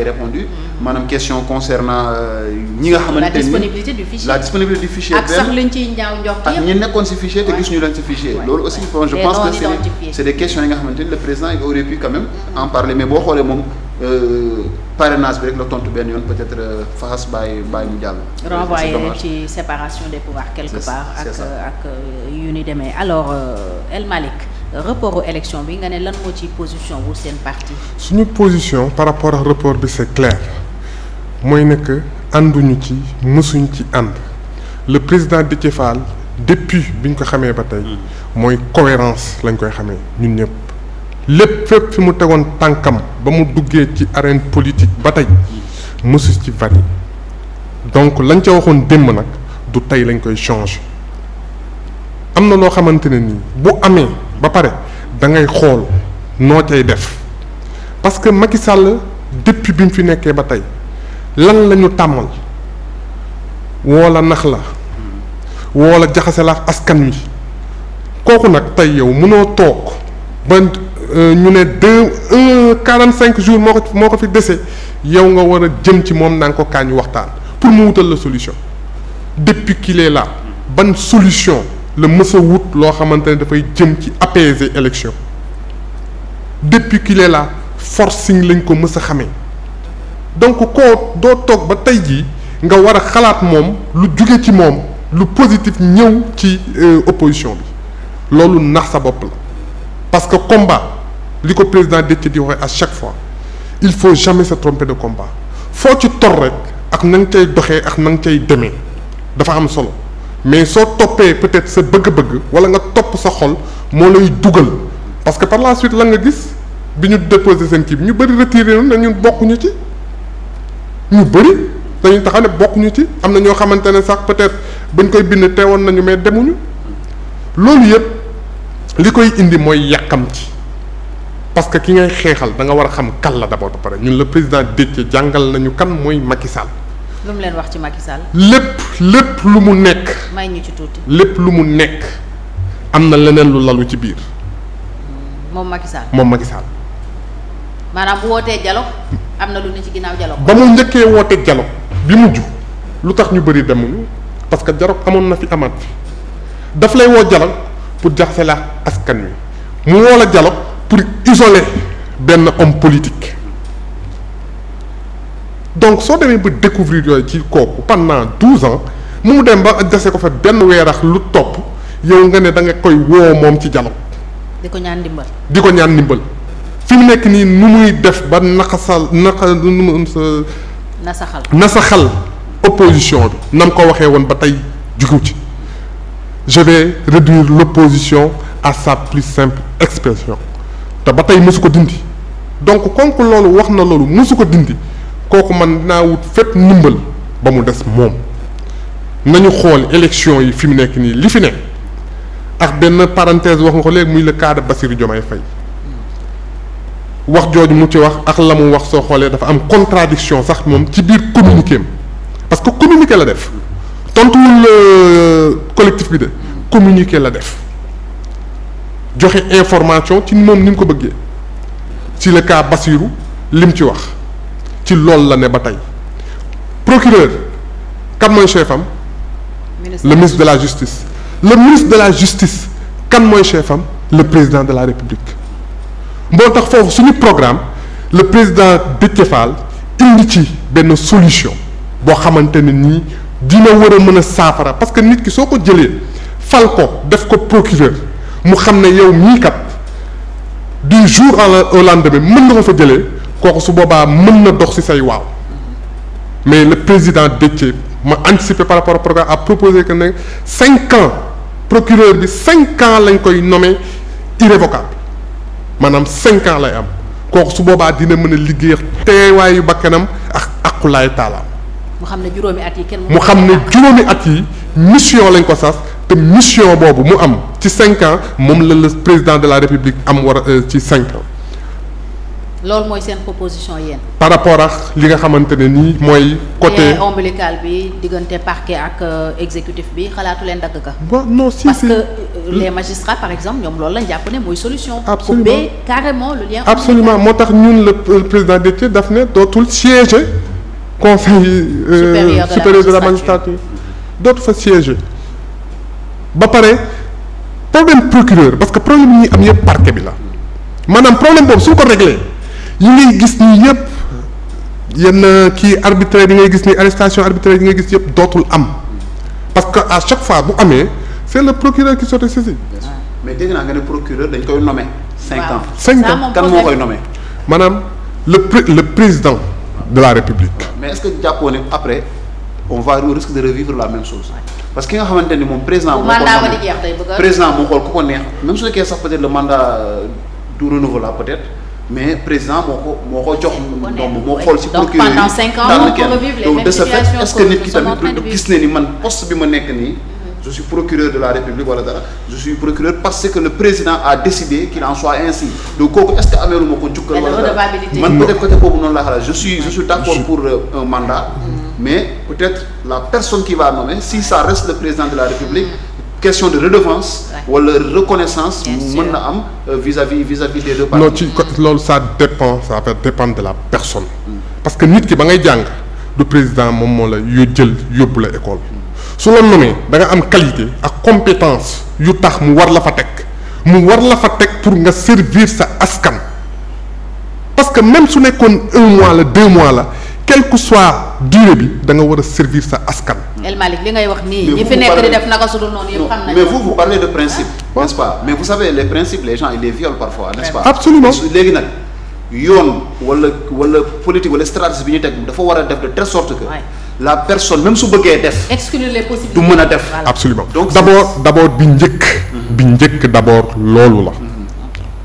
répondu maanaam question concernant euh, ñi nga xamante la disponibilité du fichier ak sax luñ ciy ñaaw njox ak ñi nekkoon ci fichier te gis ñu leen ci fichier loolu aussi bon je pense que c'est c'est des questions yi nga xamante ni le président il aurait pu quand même en parler mais boo xoolee moom euh, parrainage bi rek la tontu benn yoon peut-être euh, faxas bàyyi bàyyi mu jàll. renvoyé ci séparation des pouvoirs quelque part. ak yu ni demee alors El Malick reportu élection bi nga ne lan ci position wu seen parti. suñu position par rapport ak report bi c'est clair mooy ne ànduñu ci mësuñ ci ànd le président Déthié Fall depuis bi ñu ko xamee ba tey mooy cohérence lañ koy xamee ñun ñëpp lépp fépp fi mu tegoon tànkam ba mu duggee ci arène politique ba tey mësu ci vari donc lañ ca waxoon démb nag du tey lañ koy changer am na loo xamante ne nii bu amee. ba pare da ngay xool noo cay def parce que Macky Sall depuis bi mu fi nekkee ba tey lan la ñu tàmmal woola nax la woola jaxase la askan wi kooku nag tey yow mënoo toog ba euh, ñu ne deux un quarante cinq jours moo ko moo ko fi dese yow nga war a jëm ci moom naan ko kaa ñu waxtaan pour mu wutal la solution depuis qu'il la ban solution la mës wut loo xamante ne dafay jëm ci apaiser élection depuis qu'il est là forcing lañ ko mës a xamee donc koo doo toog ba tey jii nga war a xalaat moom lu jóge ci moom lu positif ñëw ci euh, opposition bi loolu nax sa bopp la parce que combat li ko président Déthié di waxee à chaque fois il faut jamais sa tromper de combat foo ci tor rek ak na nga cay doxee ak na nga cay demee dafa am solo mais soo toppee peut-être sa bëgg-bëgg wala nga topp sa xol moo lay dugal parce que par la suite lan nga gis bi ñu déposé seen kii bi ñu bëri retiré woon dañu bokkuñu ci ñu bëri dañuy taxaw ne bokkuñu ci am na ñoo xamante ne sax peut-être bañ koy bind teewoon nañu mais demuñu loolu yëpp li koy indi mooy yàqam ci parce ki ngay xeexal danga war a xam kan la d'abord ba pare ñun la président Déthié jàngal nañu kan mooy makki Sall lu mu leen wax ci Macky Sall. lépp lépp lu mu nekk. may ñu ci tuuti. lépp lu mu nekk am na leneen lu lalu ci biir. Hmm, moom Macky moom Macky maanaam bu wootee dialogue am na lu ne ci ba mu njëkkee woote dialogue bi mujj lu tax ñu bëri demuñu parce que dialogue amoon na fi amaat fi daf lay woo dialogue pour jaxase la askan wi mu woo la dialogue pour isoler benn homme politique. donc soo demee ba découvrir yooyu ci kooku pendant douze ans mu dem ba dese ko fa benn weerax lu topp yow nga ne da nga koy woo moom ci dialogue. di ko ñaan ndimbal. di ko ñaan ndimbal fi mu nekk nii nu muy def ba naxasal naxa nu sa. nasaxal nasaxal opposition bi. nam ko waxee woon ba tey jugu ci je vais réduire l'opposition à sa plus simple expression te ba tey mosu ko dindi donc konk loolu wax na loolu mosu ko dindi. kooku man dinaa wut fépp ndimbal ba mu des moom nañu xool élection yi fi mu nekk nii li fi ne ak benn parenthèse wax nga ko léegi muy la cas de Bassirou fay wax jooju mu ci wax ak la mu wax soo xoolee dafa am contradiction sax moom ci biir communiqué am parce que communiqué la def tontuwul euh, collectif bi de communiqué la def joxe information ci moom ni mu ko bëggee ci le cas li mu ci wax ci loolu la ne ba tey procureur kan mooy chef am le ministre de la justice le ministre de la justice kan mooy chef am le président de la république moo tax foofu suñu programme le président Déthié Fall indi ci benn solution boo xamante ne nii dina war a mën a saafara parce que nit ki soo ko jëlee fal ko def ko procureur mu xam ne yow mii kat du jour au lendemain mën nga ko fa jëlee kooku su boobaa mën na dox ci say waaw mais le président Déthié ma anticiper par rapport au programme a proposé que ne cinq ans procureur bi cinq ans lañ koy nommé irrévocable maanaam cinq ans lay am kooku su boobaa dina mën a liggéey teewaayu bakkanam ak aqulaay taalaam. mu xam ne juróomi at yi mu xam ne juróomi at yi mission lañ ko sas te mission boobu mu am ci cinq ans moom la le président de la république am war a euh, ci cinq ans. loolu mooy seen proposition yéen. par rapport ak li nga xamante ne nii mooy. côté ombilical bi diggante parquet ak euh, exécutif bi xalaatu leen dagg ka. waaw non si parce que euh, les par exemple ñoom loolu la jàpp ne mooy solution. absolument couper carrément le moo tax ñun la président Déthié daf ne dootul siéger conseil. supérieur supérieur de la magistrature dootu fa siéger ba pare problème procureur parce que problème yi am yëpp parquet bi la maanaam problème boobu su ko réglé. yi ngay gis nii yëpp yenn kii arbitraire yi ngay gis nii arrestation arbitraire yi ngay gis yëpp dootul am parce que à chaque fois bu amee c'est le procureur qui s'auto saisi mais dégg naa nga ne procureur dañ koy nommer. cinq wow. ans cinq ans kan moo koy nommer. maanaam le pré le président de la république. mais est-ce que jàppoo ne après on va risque de revivre la même chose parce que ki nga xamante ni moom président. moo ko président moo xool ku ko neex. même su fekkee sax peut mais président moo ko ko jox ndomb moo xool ci procureur yi pendant cinq ans on peut revivre les mêmes est-ce que nit ki tamit gis ne ni man poste bi ma nekk nii je suis procureur de la république wala dara je suis procureur parce que le président a décidé qu'il en soit ainsi donc kooku est-ce que ameelu ma ko njukkal wala dara man peut-être côté boobu noonu laa xalaat je suis d'accord pour euh, un mandat mm-hmm. mais peut-être la personne qui va nommer si ça reste le président de la question de redevance. wala ouais. reconnaissance. mën na am euh, vis-à-vis vis-à-vis des deux parties. non ci loolu ça dépend ça va dépendre de la personne. Mm. parce que nit ki ba ngay jàng du président moom moo la yoo jël yóbbu la école. su la nommé da nga am qualité ak compétence yu tax mu war la fa teg mu war la fa teg pour nga servir sa askan. parce que même su nekkoon un mois la deux mois la quelque que durée bi da nga war a servir sa askan. El Malick ngay wax nii. ñi fi nekk di def naka su dul noonu yoon wala wala politique wala stratégie bi ñu teg dafa war a def de telle sorte que. la personne même su bëggee def. exclure les du mën a def. absolument donc d'abord d'abord bi njëkk. Mhm. bi njëkk d'abord loolu la. Mhm.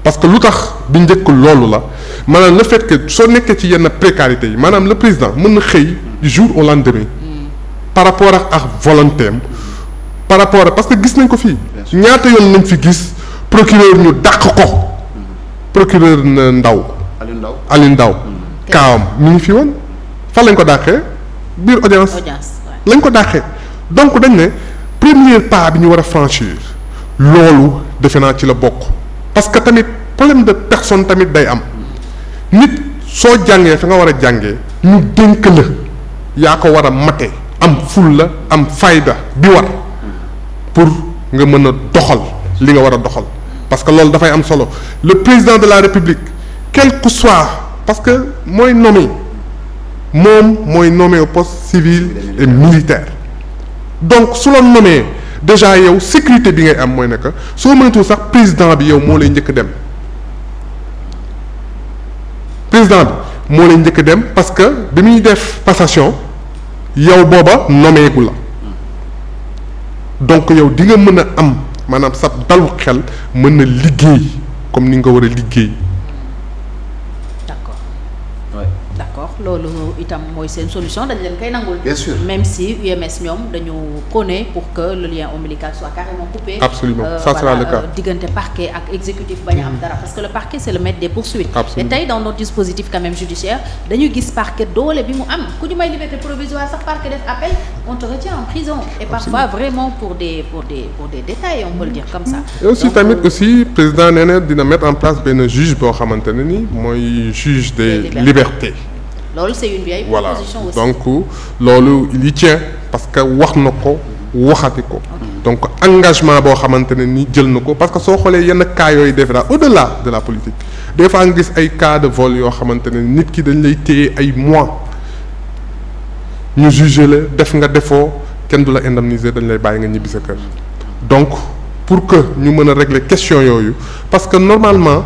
parce que lu tax bi njëkk loolu la maanaam le fait que soo nekkee ci yenn précarité yi maanaam le président mën na xëy. du jour au lendemain. par rapport ak ak volonté am par rapport parce que gis nañ ko fii. ñaata yoon nañ fi gis procureur ñu dàq ko. procureur Ndaw. Alioune Ndaw Alioune Ndaw. Hmm. kaawam mi ngi fi woon fan lañ ko dàqee biir audience. lañ ko dàqee donc dañ ne premier pas bi ñu war a franchir loolu defe naa ci la bokk parce que tamit problème de personne tamit day am hmm. nit soo jàngee fa nga war a jàngee ñu dénk la. yaa ko war a mate am fulla am fayda bi war pour nga mën a doxal li nga war a doxal parce que loolu dafay am solo le président de la république quel que soit parce que mooy nommé moom mooy nommé au poste civil et militaire donc su la nommé déjà yow sécurité bi ngay am mooy nekk soo moytuwul sax président bi yow moo lay njëkk dem président bi moo lay njëkk dem parce que bi def passation yow booba nomeegu la donc yow di nga mën a am maanaam sab dalu xel mën na liggéey comme ni nga war a liggéey loolu itam mooy seen solution dañ leen koy nangul. bien sûr même si UMS ñoom dañu prôné pour que le lien ombilical soit carrément coupé. absolument euh, euh hmm. parce que le parquet c'est le maître des poursuites. absolument et tey dans notre dispositif quand même judiciaire dañu gis parquet doole bi mu am ku ñu on te retient en prison. et parfois vraiment pour des pour des pour des détails on peut le dire comme ça. et aussi tamit euh, aussi président nee dina mettre en place benn juge boo xamante ne ni mooy juge des libertés. loolu c'est une vieille proposition aussi voilà donc loolu il y parce que wax na ko waxati ko. donc engagement boo xamante ne ni jël na ko parce que soo xoolee yenn cas yooyu def daal au delà de la politique des fois nga gis ay cas de vol yoo xamante ne nit ki dañ lay téye ay mois ñu jugé la def nga defoo kenn du la indemniser dañ lay bàyyi nga ñibbi sa kër donc pour que ñu mën a régler question yooyu parce que normalement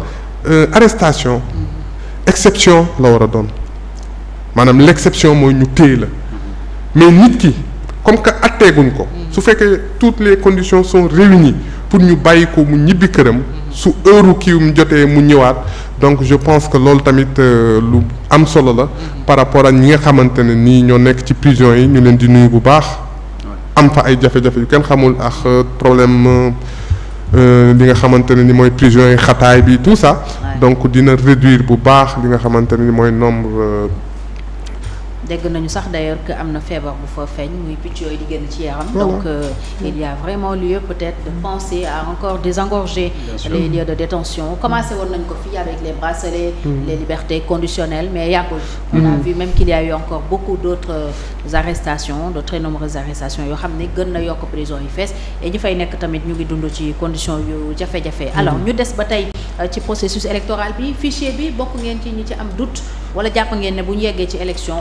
euh, arrestation mm-hmm. exception la war a doon. maanaam l'exception mooy ñu téye la mais nit ki comme que atteeguñ ko su fekkee toutes les conditions sont réunies pour ñu bàyyi ko mu ñibbi këram su heure kii mu jotee mu ñëwaat donc je pense que loolu tamit euh, lu am solo la par rapport ak ñi nga xamante ne nii ñoo nekk ci prison yi ñu leen di nuyu bu baax am fa ay jafe-jafe yu kenn xamul ak euh, problème euh, li nga xamante ne ni mooy prison yi xataay bi tout ça donc dina réduire bu baax li nga xamante ne ni mooy nombre dégg nañu sax d'ailleurs que am na feebar bu fa feeñ muy picc yooyu di génn ci yaram. donc euh, mmh. il y a vraiment lieu peut-être de penser à encore désengorger les lieux de mmh. détention commencé woon nañ ko fii avec les bracelets mmh. les libertés conditionnelles mais yàggul on mmh. a vu même qu'il y a eu encore beaucoup d'autres euh, arrestations de très nombreuses arrestations yoo xam ne gën na yokk prison yi fees et ñi fay nekk tamit ñu ngi dund ci condition yu jafe-jafe alors ñu des ba tey euh, ci processus électoral bi fichier bi bokk ngeen ci ñi ci am doute wala jàpp ngeen ne